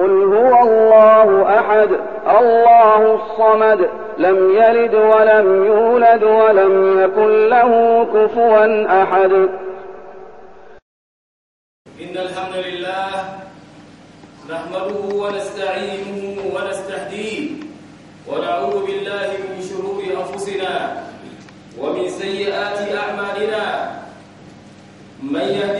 قل هو الله أحد الله الصمد لم يلد ولم يولد ولم يكن له كفوا أحد إن الحمد لله نحمده ونستعينه ونستهديه ونعوذ بالله من شرور أنفسنا ومن سيئات أعمالنا من يهدي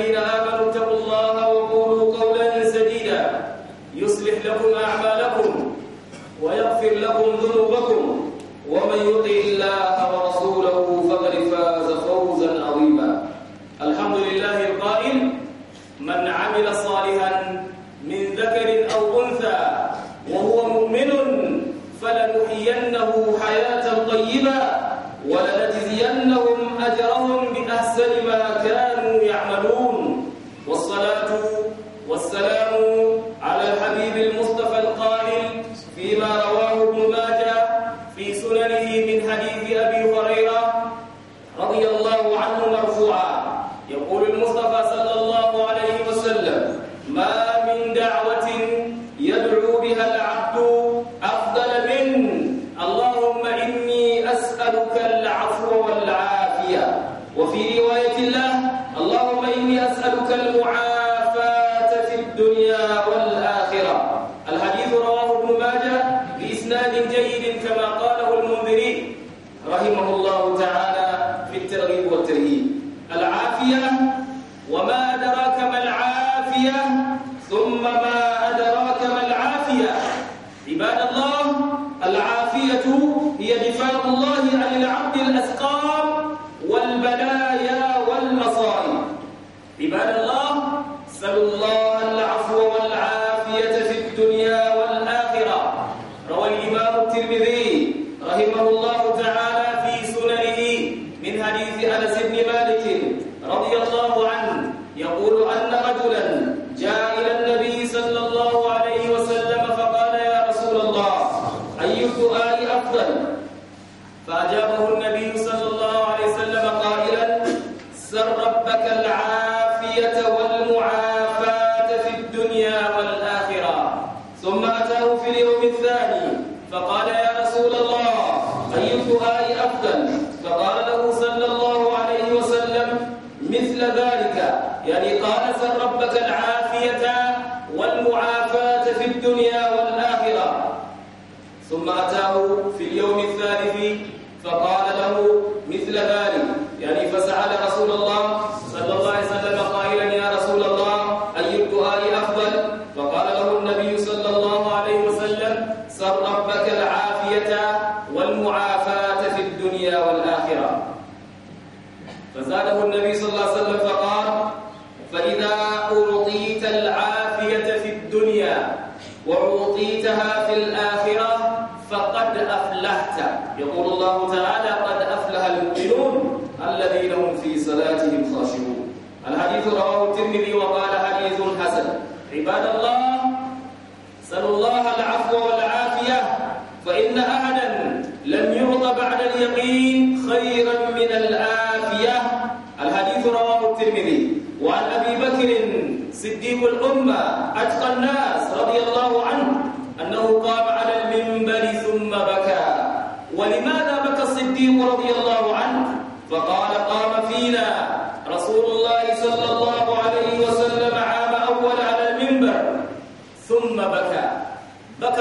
ذنوبكم ومن يطع الله ورسوله فقد فاز فوزا عظيما الحمد لله القائل من عمل صالحا من ذكر يقول المصطفى صلى الذين هم في صلاتهم خاشعون الحديث رواه الترمذي وقال حديث حسن عباد الله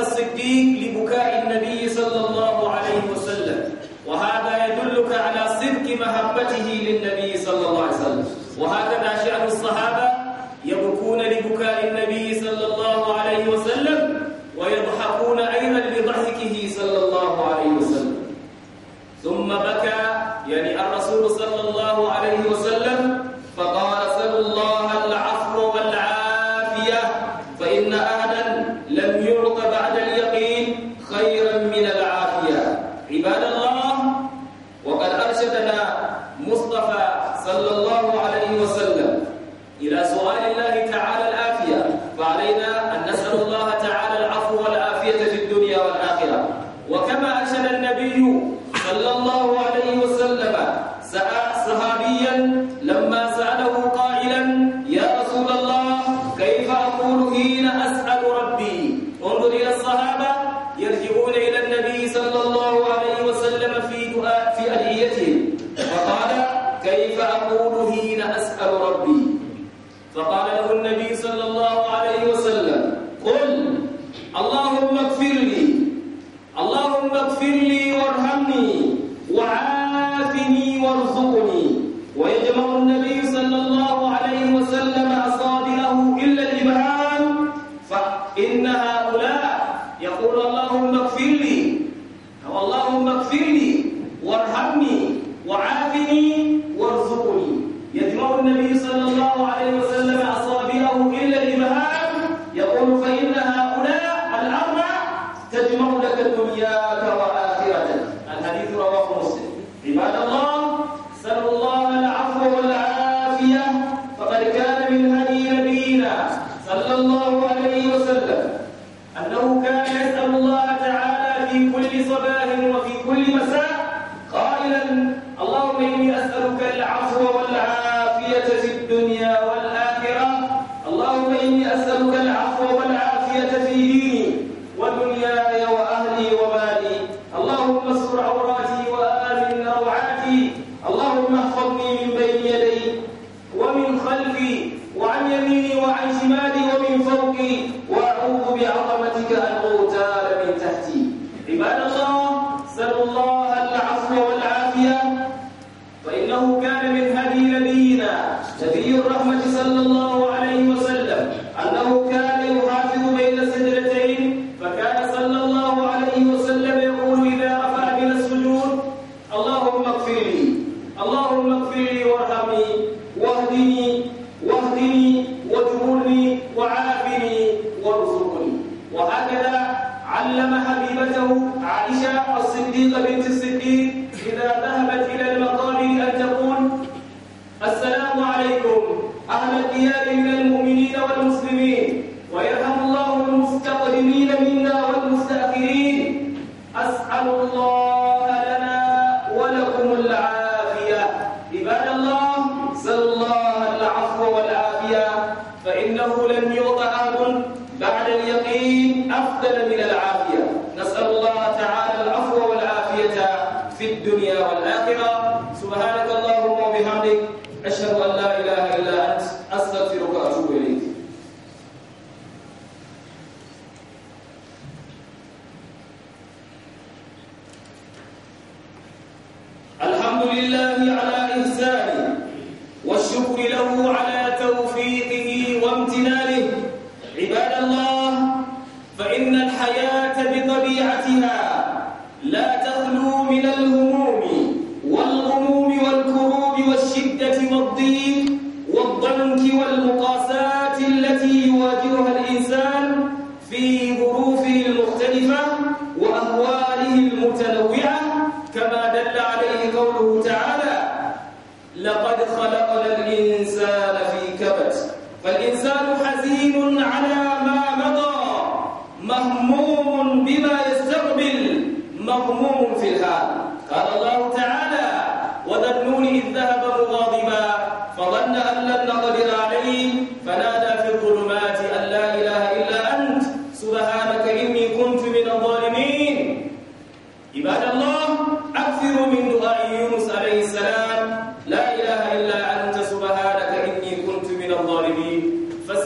الصديق لبكاء النبي صلى الله عليه وسلم وهذا يدلك على صدق محبته للنبي صلى الله عليه وسلم وهكذا شأن الصحابة يبكون لبكاء النبي صلى الله عليه وسلم ويضحكون أيضا لضحكه صلى الله عليه وسلم ثم بكى يعني الرسول صلى الله عليه وسلم فقال صلى الله العفو والعافية فإن أهلا لم يعطى وارحمني وعافني لله على إحسانه والشكر له على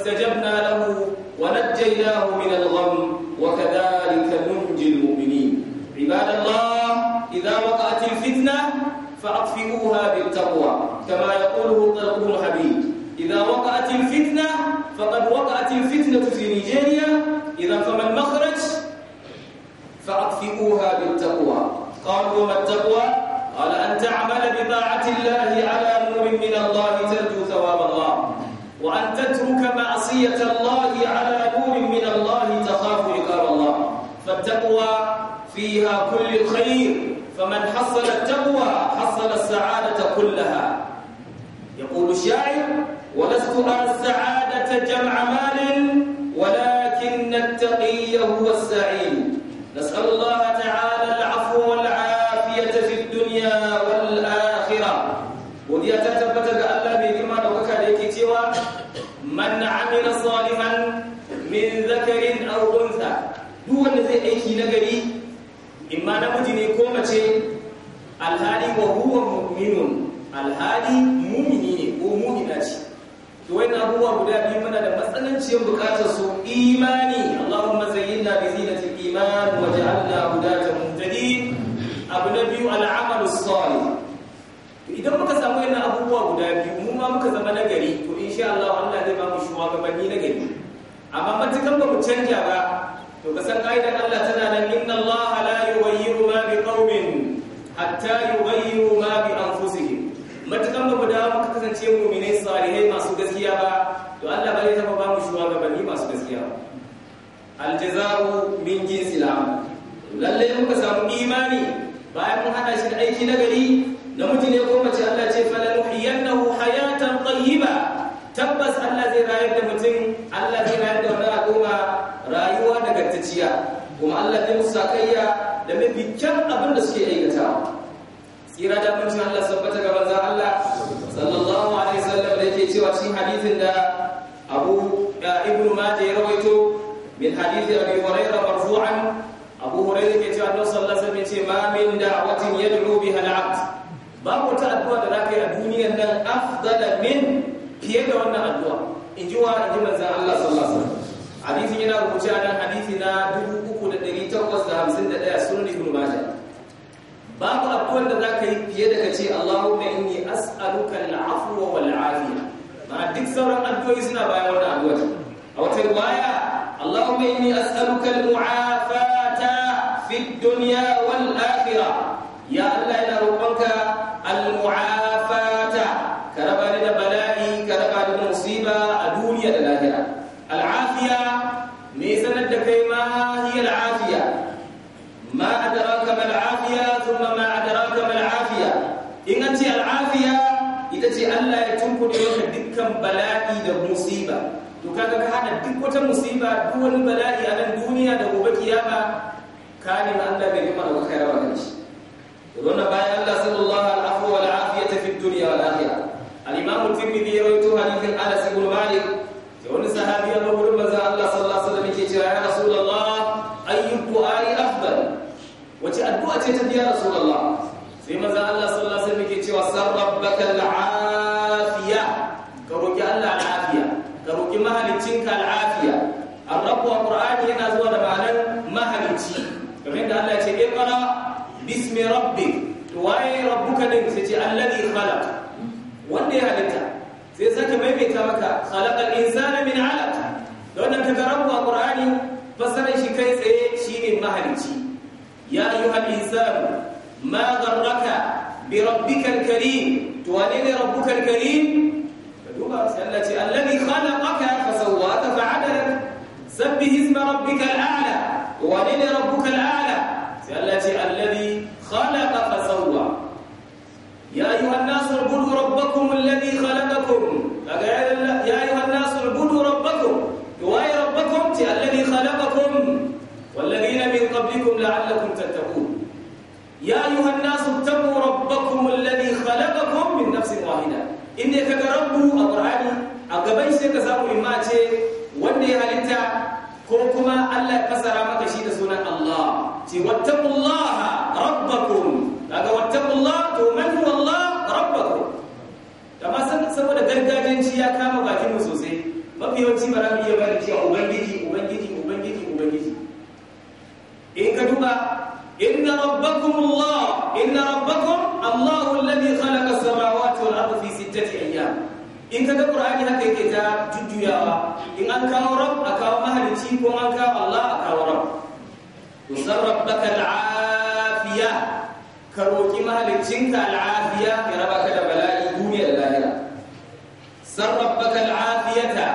فاستجبنا له ونجيناه من الغم وكذلك ننجي المؤمنين عباد الله إذا وقعت الفتنة فأطفئوها بالتقوى كما يقوله طلق بن حبيب إذا وقعت الفتنة فقد وقعت الفتنة في نيجيريا إذا فما المخرج فأطفئوها بالتقوى قالوا وما التقوى قال أن تعمل بطاعة الله على نور من الله ترجو ثواب وأن تترك معصية الله على نور من الله تخاف عقاب الله فالتقوى فيها كل الخير فمن حصل التقوى حصل السعادة كلها يقول الشاعر ولست أرى السعادة جمع مال ولكن التقي هو السعيد duk wanda zai aiki na gari in ma namiji ne ko mace alhali wa huwa mu'minun alhali mumini ne ko mu'mina ce to wai na abubuwa guda biyu mana da matsananciyar bukatar su imani Allahumma zayyinna bi zinatil iman wa ja'alna hudata muhtadin abu na biyu al'amalu salih idan muka samu yana abubuwa guda biyu mu ma muka zama nagari to insha Allah Allah zai ba mu shugabanni nagari amma matakan ba mu canja ba to kasan kaidan Allah tana nan inna Allah la yughayyiru ma biqaumin hatta yughayyiru ma bi anfusihim matakan ba da muka kasance mu'minai salihai masu gaskiya ba to Allah bai taba ba mu shugabanni masu gaskiya aljaza'u min jinsil amal lalle muka samu imani bayan mun hada shi da aiki nagari namiji ne ko mace Allah ce falanuhiyannahu hayatan tayyiba tabbas Allah zai rayar da mutum Allah zai rayar gaskiya kuma Allah ya musu sakayya da mafi kyan abin da suke aikatawa tsira da mutum Allah sabbata ga Allah sallallahu alaihi wasallam da yake cewa cikin hadisin da Abu Ibn Majah ya rawaito min hadisi Abi Hurairah marfu'an Abu Hurairah yake cewa Allah sallallahu alaihi wasallam ma min da'watin yad'u biha al-'abd ta addu'a da zaka a duniyar nan afdala min fiye da wannan addu'a in ji wa in ji manzon Allah sallallahu alaihi wasallam hadisin yana rubuce a nan hadisi na 3851 sunan ibn majah babu abuwan da zaka yi fiye da kace Allahumma inni as'aluka al-afwa wal afiya ma duk sauran addu'o'i suna bayan wannan addu'a a wata riwaya Allahumma inni as'aluka al-mu'afata fid dunya wal akhirah ya Allah ina roƙonka al-mu'afata da musiba to kaga ka hana duk wata musiba duk wani bala'i a nan duniya da gobe kiyama ka ne ma Allah bai kuma da khaira ba shi wannan bayan Allah sallallahu alaihi wa sallam al'afiyata fi dunya wal akhirah al-imam at-tirmidhi ya rawaito hadithin Anas ibn Malik da wani sahabi ya rawaito manzo Allah sallallahu alaihi wa sallam yake cewa ya rasulullah ayyu du'a'i afdal wace addu'a ce ta biya rasulullah sai manzo Allah sallallahu alaihi wa sallam yake cewa sarrabbaka al'afiyah Allah al'afiya ka roki mahaliccinka al'afiya ar-rabbu qur'ani yana zuwa da ma'anar mahalicci kamar da Allah ya ce iqra bismi rabbi. to waye rabbuka din sai ce alladhi khalaq wanda ya halitta sai saka maimaita maka khalaqal insana min 'alaq don nan ka rabbu qur'ani fasarar shi kai tsaye shine mahalicci ya ayyuhal insanu ma gharraka bi rabbikal karim to wane ne rabbukal karim التي الذي خلقك فسواك فعدلك سبه اسم ربك الأعلى ولل ربك الأعلى التي الذي خلق فسوى يا أيها الناس اعبدوا ربكم الذي خلقكم يا أيها الناس اعبدوا ربكم رواية ربكم الذي خلقكم والذين من قبلكم لعلكم تتقون يا أيها الناس اتقوا inda ka ga rabbu a ƙur'ani a gaban sai ka samu imma ce wanda ya halitta ko kuma Allah ya fasara maka shi da sunan Allah ce wattaqullaha rabbakum kaga wattaqullaha to man huwa Allah rabbakum san saboda gargajiyanci ya kama bakin mu sosai mafi yawanci ba za mu iya bayar cewa ubangiji in ka ga qur'ani haka yake ta jujjuyawa in an kawo rab a kawo mahalici ko an kawo allah a kawo rab musarraf baka al'afiya ka roki mahalicinka al'afiya ya raba ka da bala'i duniya da lahira sarraf baka al'afiyata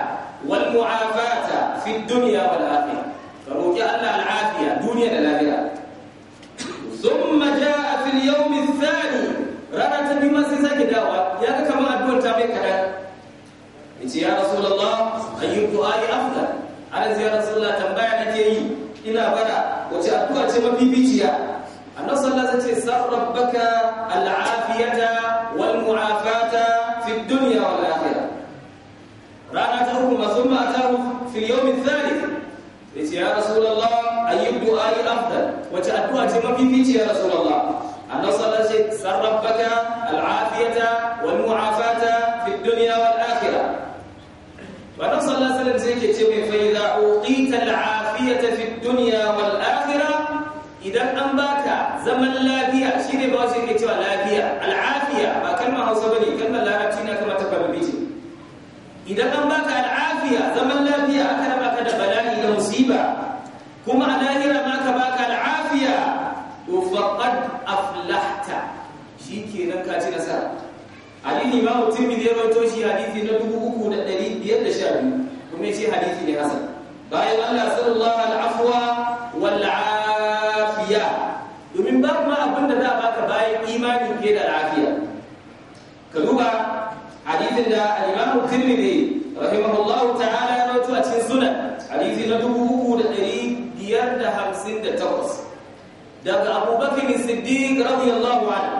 wal mu'afata fi dunya wal akhirah ka roki allah al'afiya duniya da lahira thumma jaa fil yawm ath-thani rana ta bi ma sai sake dawa ya ga kamar addu'ar ta bai kada يا رسول الله ايو دعائي افضل انا يا رسول الله تنبايا نكيي ان بدا وتي ادو اتي مبيبيجيا ان صلى الله تي سر ربك العافيه والمعافاه في الدنيا والاخره رانته ثم ثم اتاه في اليوم الثالث انت يا رسول الله ايو دعائي افضل وتي ادو اتي مبيبيجيا يا رسول الله ان صلى الله تي سر ربك العافيه والمعافاه في الدنيا والآخرة. zaman lafiya shi shine ba wasu yake cewa lafiya al'afiya ba kalmar hausa ne kalmar larabci ne kamata ba rubuce shi idan an baka al'afiya zaman lafiya aka raba ka da bala'i da musiba kuma a lahira ma ka baka al'afiya to faqad aflahta kaci ka ci nasara hadisi mutum tirmidhi ya rawaito shi hadithi na dubu ɗari biyar da biyu kuma ya ce hadithi ne hasan bayan Allah sallallahu alaihi wa sallam wal afiya domin babu ma abin da za a baka bayan imanin ke da lafiya ka duba hadisin da al-Imam Tirmidhi rahimahullahu ta'ala ya rawaito a cikin sunan hadisi na 3558 daga Abu Bakr as-Siddiq radiyallahu anhu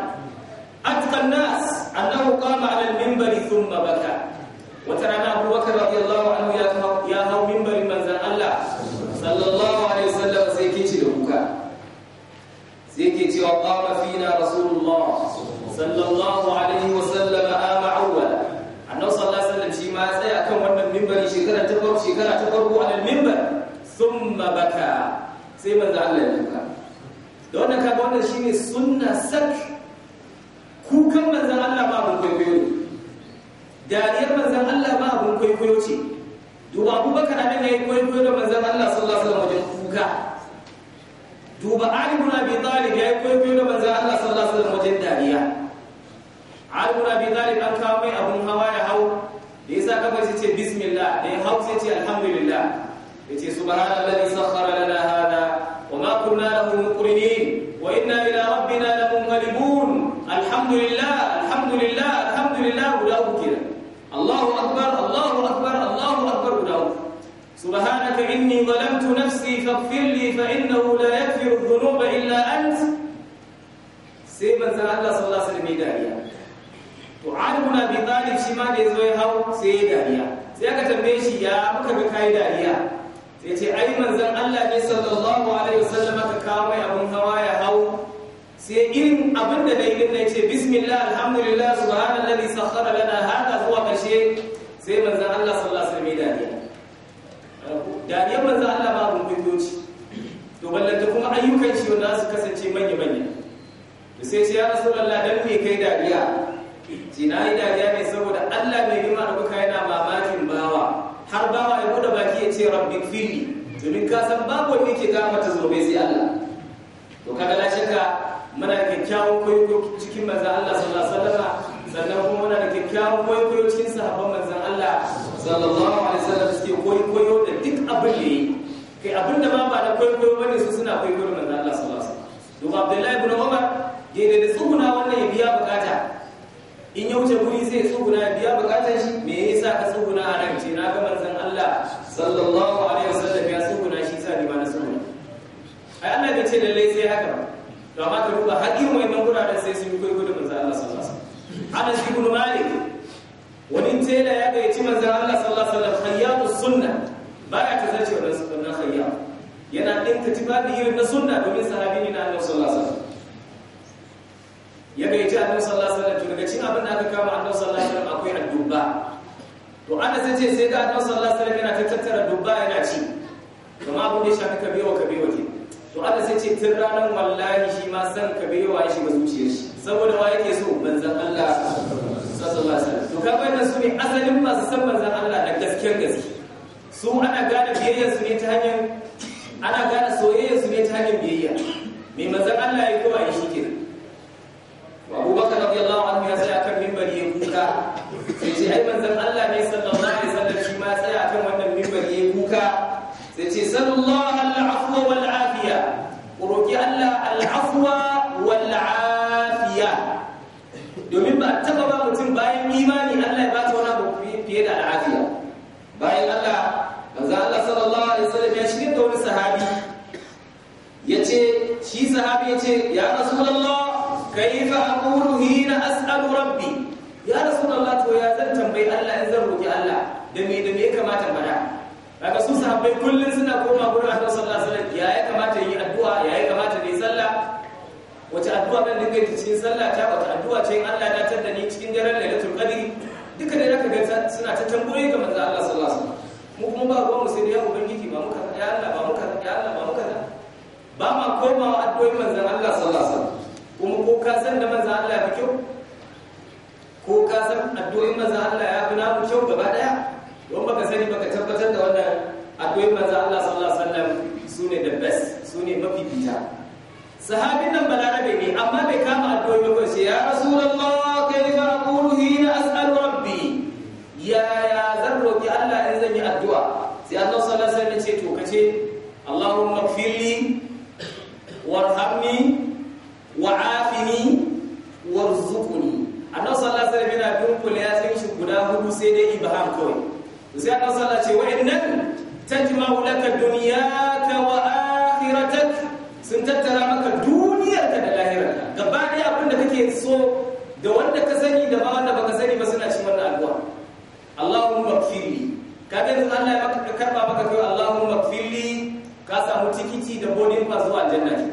أتقى الناس أنه قام على المنبر ثم بكى وترى أبو بكر رضي الله عنه يا هو منبر من الله صلى القدسي وقال فينا رسول الله صلى الله عليه وسلم آم أولا أنه صلى الله عليه وسلم شيما سيا كم من المنبر شكرا تقرب شكرا تقرب على المنبر ثم بكى سيما زعل الله دون كابون شيني سنة سك كوكا من زعل الله ما أبو كيكيو dariyar manzan Allah ma abun kwaikwayo ce duba abubakar abin da ya kwaikwayo da manzan Allah sallallahu alaihi wasallam wajen kuka duba Ali ibn Abi Talib yayi koyo biyu da manzon Allah sallallahu alaihi wasallam wajen dariya Ali ibn Abi Talib an kawo mai abun hawa ya hau da yasa kafa sai ce bismillah da ya hau sai ce alhamdulillah yace subhanallahi sakhkhara lana hada wa ma kunna lahu muqrinin wa inna ila rabbina lamunqalibun alhamdulillah alhamdulillah alhamdulillah guda uku kenan Allahu akbar Allahu akbar Allahu akbar guda uku subhanallahi فاغفر لي فإنه لا يغفر الذنوب إلا أنت سيما زال الله صلى الله عليه وسلم داريا to Ali ibn Abi Talib da yazo hau sai ya dariya sai aka tambaye shi ya muka ga kai dariya sai ce ai manzon Allah ne sallallahu alaihi wasallam ka kawo mai abun hawa ya hau sai irin abin da dai din ce bismillah alhamdulillah subhanallazi sakhkhara lana hada zuwa kashe sai manzon Allah sallallahu alaihi wasallam ya dariya dariyar manzo Allah ba mun kundoci to ballanta kuma ayyukan shi wanda su kasance manya manya to sai ce ya dan me kai dariya ce na yi dariya ne saboda Allah mai girma da kuka yana mamakin bawa har bawa ya bude baki ya ce rabbi fili domin ka san babu wanda yake zo zobe sai Allah to kaga la shakka muna kyakkyawan kwaikwayo cikin manzon Allah sallallahu alaihi wasallam sannan kuma muna da kyakkyawan kwaikwayo cikin sahabban manzon Allah sallallahu alaihi wasallam suke kwaikwayo da duk abin da yi kai abin da ma ba na kwaikwayo bane su suna kwaikwayo manzo Allah sallallahu alaihi wasallam don Abdullahi ibn Umar daidai da tsuguna wannan ya biya bukata in ya wuce guri sai tsuguna ya biya bukatar shi me yasa ka tsuguna a nan ce na ga manzon Allah sallallahu alaihi wasallam ya tsuguna shi sa ni ma na tsuguna ai Allah bai ce lalle sai haka ba to amma ka duba hakimin wannan guraren sai sun yi kwaikwayo da manzon Allah sallallahu alaihi wasallam Anas ibn Malik wani tela ya gayyaci manzan Allah sallallahu alaihi wasallam khayyamu sunna baya ta zace wannan sunnan khayyam yana dinka tibabi irin na sunna domin sahabi ne na Annabi sallallahu alaihi wasallam ya gayyaci Annabi sallallahu alaihi wasallam to daga cikin abin da aka kama Annabi sallallahu alaihi wasallam akwai addu'a to Anas yace sai ga Annabi sallallahu alaihi wasallam yana ta tattara dubba yana ci kuma abin da ya shafi kabewa kabewa ce to Allah sai ce tun ranar wallahi shi ma san kabewa ya ba zuciyar shi saboda wa yake so manzan Allah su ne asalin masu san manzon Allah da gaskiyar gaske su ana gane biyayyar su ne ta hanyar ana gane su ne ta hanyar biyayya mai manzon Allah ya kowa ya shike wa Abubakar tsaya kan mimbari ya kuka sai ce ai manzon Allah ne sallallahu alaihi wasallam shi ma ya tsaya kan wannan mimbari ya kuka كيف أقول حين أسأل ربي يا رسول الله تو يا زن تنبي الله إن زن روكي الله دمي دمي كما تنبدا daga su sahabbai kullun suna koma gurin Annabi sallallahu alaihi wasallam yaya kamata yi addu'a yaya kamata yi sallah wace addu'a dan dinga ta cikin sallah ta wata addu'a ce in Allah ya dace da ni cikin daren Lailatul Qadr duka ne zaka ga suna ta tambayoyi ga manzo Allah sallallahu alaihi wasallam mu kuma ba ruwan mu sai da ya ubangiji ba muka ya Allah ba muka ya Allah ba muka ba ma komawa addu'o'in manzon Allah sallallahu alaihi wasallam kuma ko ka san da manzo Allah ya fi kyau ko ka san addu'o'in manzo Allah ya fi namu kyau gaba daya don baka sani baka tabbatar da wannan addu'o'in manzo Allah sallallahu alaihi wasallam sune da best sune mafi bita sahabin nan balarabe ne amma bai kama addu'o'i ba sai ya rasulullah kayfa aqulu hina as'alu rabbi ya ya zan roki Allah in zan yi addu'a sai Allah sallallahu alaihi wasallam ya ce to kace Allahumma ighfirli warhamni wa'afini warzuqni Allah sallallahu alaihi wasallam yana dunkule ya san shi guda hudu sai dai ibaham kai sai Allah sallallahu ce wa'innan tajma'u laka dunyaka wa akhiratak sun tattara maka ka da ka gaba dai abin da kake so da wanda ka sani da ba wanda baka sani ba suna cikin wannan addu'a Allahumma kfirli kaga yanzu Allah ya maka karba maka kai Allahumma kfirli ka samu tikiti da bodin pass zuwa aljanna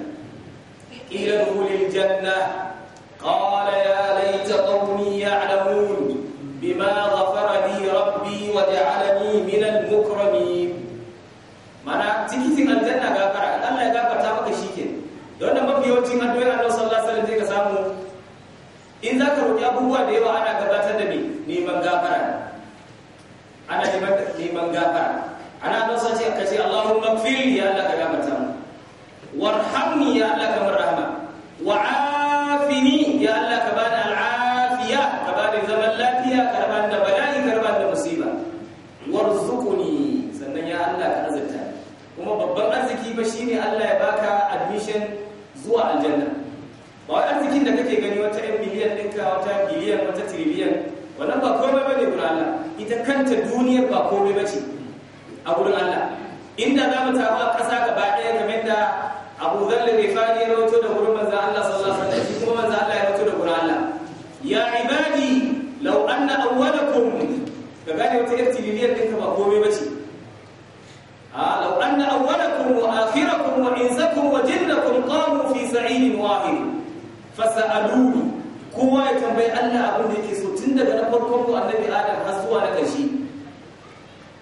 a wurin Allah inda za mu taru a ƙasa gaba ɗaya game da Abu Dharr al-Ghifari ya rawaito da wurin manzon Allah sallallahu alaihi wasallam kuma manzon Allah ya rawaito da wurin Allah ya ibadi law anna awwalakum ka gane wata irtililiyar din ka ba komai bace a law anna awwalakum wa akhirakum wa insakum wa jinnakum qamu fi sa'in wahid fasaluhu kowa ya tambayi Allah abin da yake so tun daga na farkon ku annabi Adam har zuwa na ƙarshe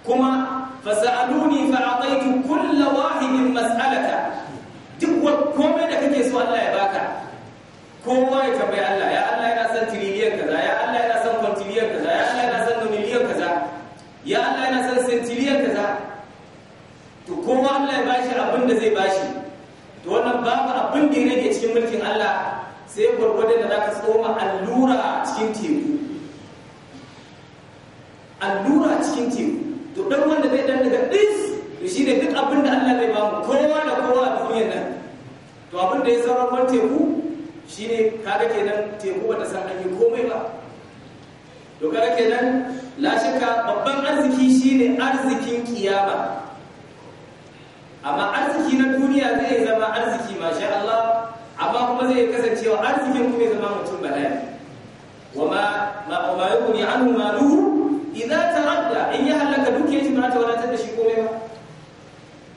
kuma fasaluni fa ataitu kullu wahidin mas'alata duk komai da kake so Allah ya baka kowa ya tambayi Allah ya Allah yana san tiriliyan kaza ya Allah yana san kwantiliyan kaza ya Allah yana san miliyan kaza ya Allah yana san sentiliyan kaza to kowa Allah ya bashi abin da zai bashi to wannan babu abin da ya rage cikin mulkin Allah sai gwargwadon da zaka tsoma allura cikin teku allura cikin teku to wanda zai dan daga dis to ne duk abin da Allah zai bamu kowa da kowa a duniyar nan to abin da ya saura ruwan teku shine kaga kenan teku bata san an yi komai ba to kaga kenan la shakka babban arziki shine arzikin kiyama amma arziki na duniya zai zama arziki masha Allah amma kuma zai kasancewa arzikin kuma zama mutum bala'i wama ma ma yughni anhu maluhu idza taradda in ya halaka dukiyar shi ba ta wadatar da shi komai ba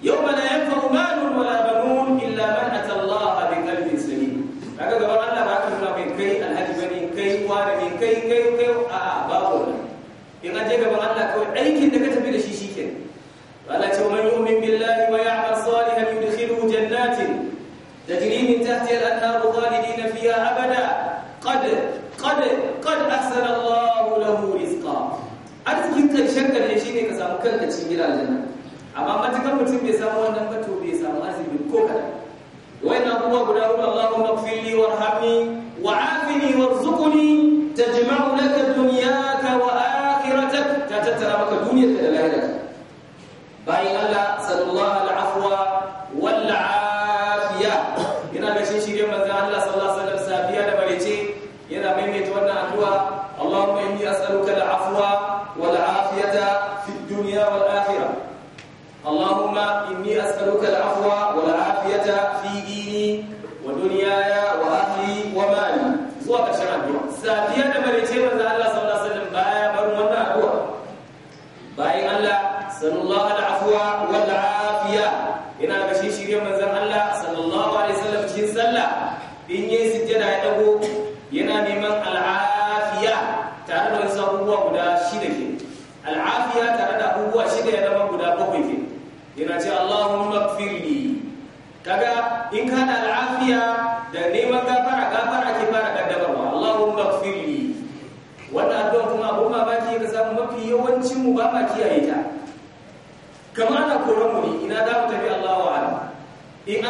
yau bana yan yanfa'u malun wala banun illa man ata Allah bi qalbin salim kaga gaban Allah ba ka nuna mai kai alhaji bane kai wani ne kai kai kai a a babu in aje gaban Allah kawai aikin da ka tafi da shi shikenan Allah ce man yu'min billahi wa ya'mal salihan yudkhiluhu jannatin tajri min tahtiha al-anharu khalidina fiha abada qad qad qad ahsana Allah arzikin karshen ƙarshe shi ne ka samu kanka cikin aljanna amma matukan mutum bai samu wannan ba bai samu azumi ko kaɗan wayan abubuwa guda hudu Allahumma wa warhamni wa'afini warzuqni tajma'u laka dunyaka wa akhiratak ta tattara maka duniyarka da lahirarka bayan Allah sallallahu alaihi wa sallam wal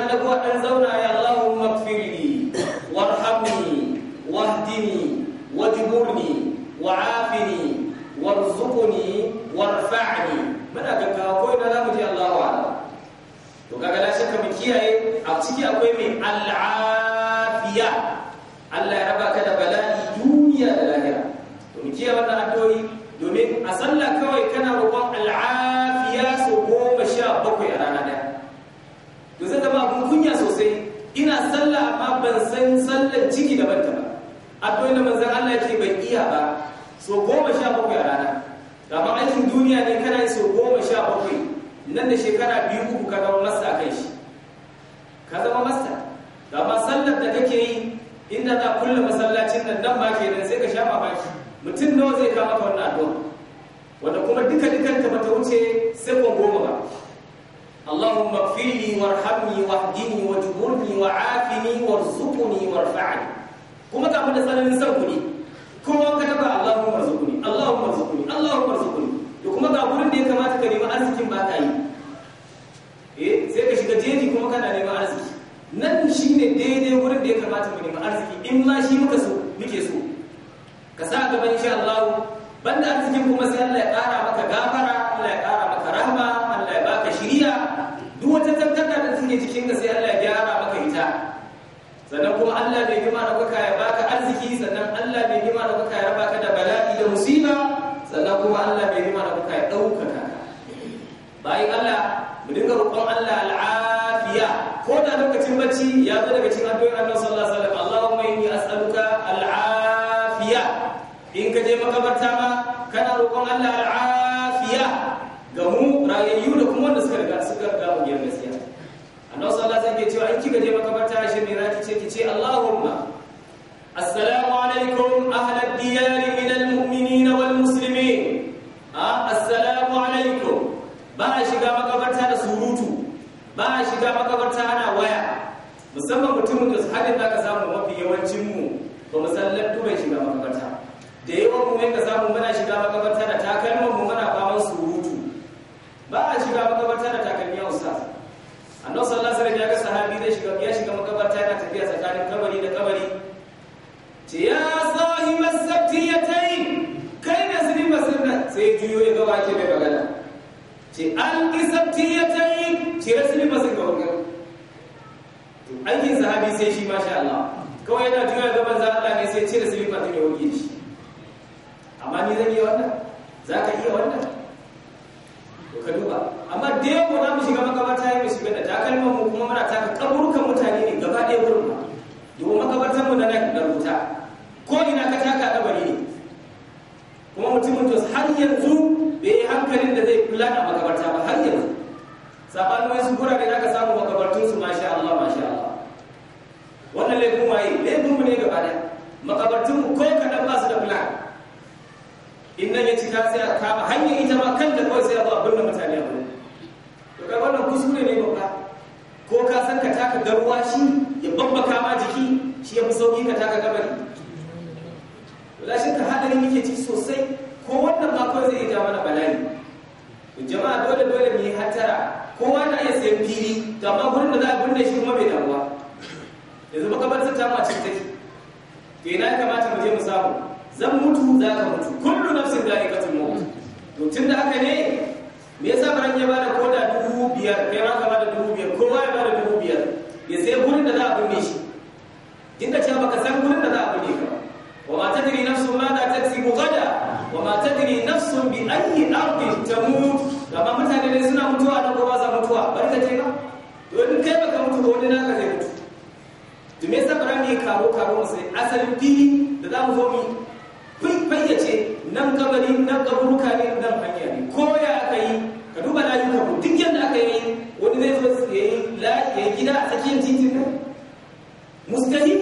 annabuwa an zauna ya Allahumma gfirli warhamni wahdini wajburni wa'afini warzuqni warfa'ni muna ga kawo ko ina zamu je Allahu akbar to kaga da shakka mu kiyaye a ciki akwai mai al'afiya Allah ya raba ka da bala'i duniya da lahira to mu kiyaye wannan addu'o'i domin a sallah kawai kana roƙon ban san sallar ciki da banta ba to da manzan Allah ya ce bai iya ba so goma sha bakwai a rana gama aikin duniya ne kana yi so goma sha bakwai nan da shekara biyu uku ka zama masta kai shi ka zama masta gama sallar da kake yi inda za kulle masallacin nan nan ba kenan sai ka sha shi mutum nawa zai kama ka wannan addu'a wanda kuma duka dukan ta bata wuce sai goma ba اللهم اغفر لي وارحمني واهدني واجبرني وعافني وارزقني kuma كما كان da tsananin kuma ka taba Allahumma rzuqni Allahumma rzuqni Allahumma rzuqni to kuma ga gurin da ya kamata ka nemi arzikin ba ka yi eh sai ka shiga jeji kuma kana neman arziki nan shine daidai gurin da ya kamata ka nemi arziki in ma shi muka ba a shiga makabarta ana waya musamman mutumin da su hadin da ka samu mafi yawancin mu ba mu san laddu bai shiga makabarta da yawan mu yanka samu muna shiga makabarta da takalmin mu muna faman surutu ba a shiga makabarta da takalmi a ustaz annabi sallallahu alaihi wasallam ya ga sahabi zai shiga ya shiga makabarta yana tafiya tsakanin kabari da kabari ce ya sahibas sabtiyatayn kai ne zirin basirna sai juyo ya ga wake mai magana ce an kisabti ya tayi ce rasuli ba sai ga wannan to aikin sahabi sai shi masha Allah kawai yana juya ga manzo Allah ne sai cire silifa ta yauke shi amma ni zan yi wannan zaka iya wannan to ka duba amma da yau na mu shiga makabarta ya mu shiga da takalman mu kuma muna taka kaburukan mutane ne gaba ɗaya gurin ma domin makabartan mu na nan da rubuta ko ina ka taka kabari ne kuma mutumin to har yanzu bai hankalin da zai kula da makabarta ba har yanzu sabanin wasu gurare da aka samu makabartun su masha Allah masha Allah wannan laifin waye laifin mu ne gaba da makabartun mu ko kadan ba su da kula in nan ya cika sai ka ba hanyar ita ma da kawai sai a zo a binne mutane a wurin to kai wannan kuskure ne babba ko ka san ka taka garuwa shi za ka mutu kullu nafsin za'iqatul maut to tunda haka ne me yasa baran ya bada koda dubu biyar kai ma ka bada dubu biyar kowa ya bada dubu biyar ya sai gurin da za a binne shi dinka cewa baka san gurin da za a binne ka wa ma tadri nafsun ma za ta tsibu gada wa ma tadri nafsun bi ayyi ardin tamut amma mutane ne suna mutuwa nan ko ba za mutuwa barka ce ka to in kai baka mutu ko wani naka zai mutu to me yasa bara mu karo karo mu sai asalin fili da za mu zo mu nan kabari nan kaburuka ne nan hanya ne ko ya aka yi ka duba layuka ku duk yadda aka yi wani zai zo ya yi gida a tsakiyar titin nan mustahil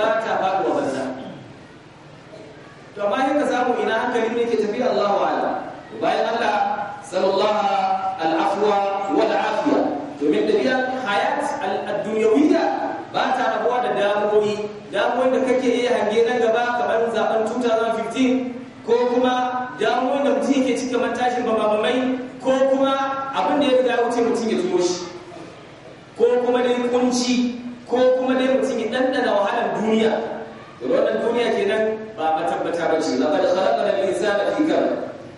ba ta faɗuwa banza to amma yadda samu ina hankali ne ke tafiya Allahu ala bayan Allah sallallahu al'afwa wal afiya domin dabi'a hayat al-dunyawiyya ba ta rabuwa da damuwoyi damuwoyin da kake yi hange nan gaba kamar zaben 2015 ko kuma damuwoyin da mutum yake cikin matashin bababamai ko kuma abin da ya riga wuce mutum ya tuyo shi ko kuma dai kunci ko kuma dai mutum ya ɗanɗana wahalar duniya da wannan duniya ke nan ba matabbata ba ce laƙar halakar insana fi kan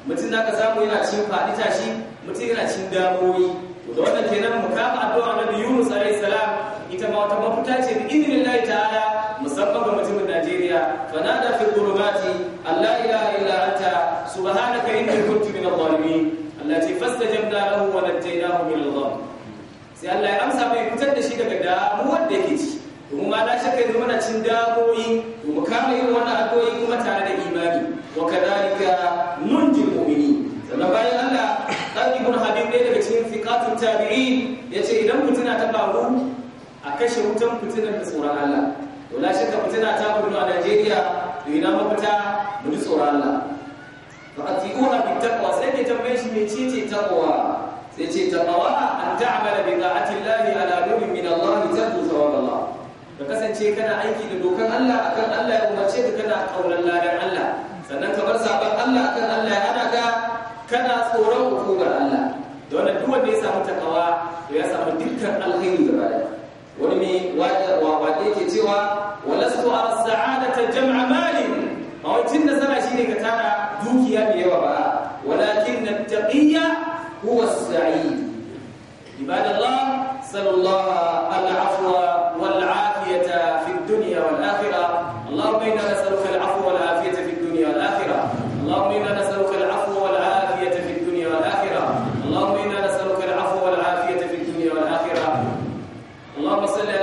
mutum na ka samu yana cin faɗi tashi mutum yana cin damuwoyi da wannan kenan mu kama addu'a na biyu mu alayhi salam ita ma wata mafuta ce da bi idnillahi ta'ala musamman ga mutumin Najeriya da fi qurubati Allah ila ila anta subhanaka inni kuntu na dhalimin Allah ce fastajabna lahu wa najaynahu minadh-dhalim sai Allah ya amsa mai fitar da shi daga damuwar da yake ci domin ma na shakka yanzu muna cin damuwoyi to mu kama irin wannan addu'o'i kuma tare da imani wa mun ji mu'mini sannan bayan Allah dan ibn habib ne daga cikin fiqatul tabi'in yace idan fitina ta faru a kashe wutan fitinar da tsoron Allah to na shakka fitina ta faru a Najeriya to ina mafita mu ji tsoron Allah fa'atiuna bi taqwa sai ke tambaye shi mecece taqwa sai ce taqwa an ta'amala bi Allah ala nurin min Allah tarju Allah ka kasance kana aiki da dokan Allah akan Allah ya umarce ka kana kaunar ladan Allah sannan ka bar saban Allah akan Allah ya hada ka kana tsoron hukumar Allah don wannan duk wanda ya samu takawa to ya samu dukkan alheri gaba da wani mai waƙe ke cewa walastu ara sa'adata jam'a mali malin mawancin nasara shine ka tara dukiya mai yawa ba walakin na taqiyya هو السعيد عباد الله سلوا الله العفو والعافية في الدنيا والآخرة اللهم إنا نسألك العفو والعافية في الدنيا والآخرة اللهم إنا نسألك العفو والعافية في الدنيا والآخرة اللهم إنا نسألك العفو والعافية في الدنيا والآخرة اللهم صل على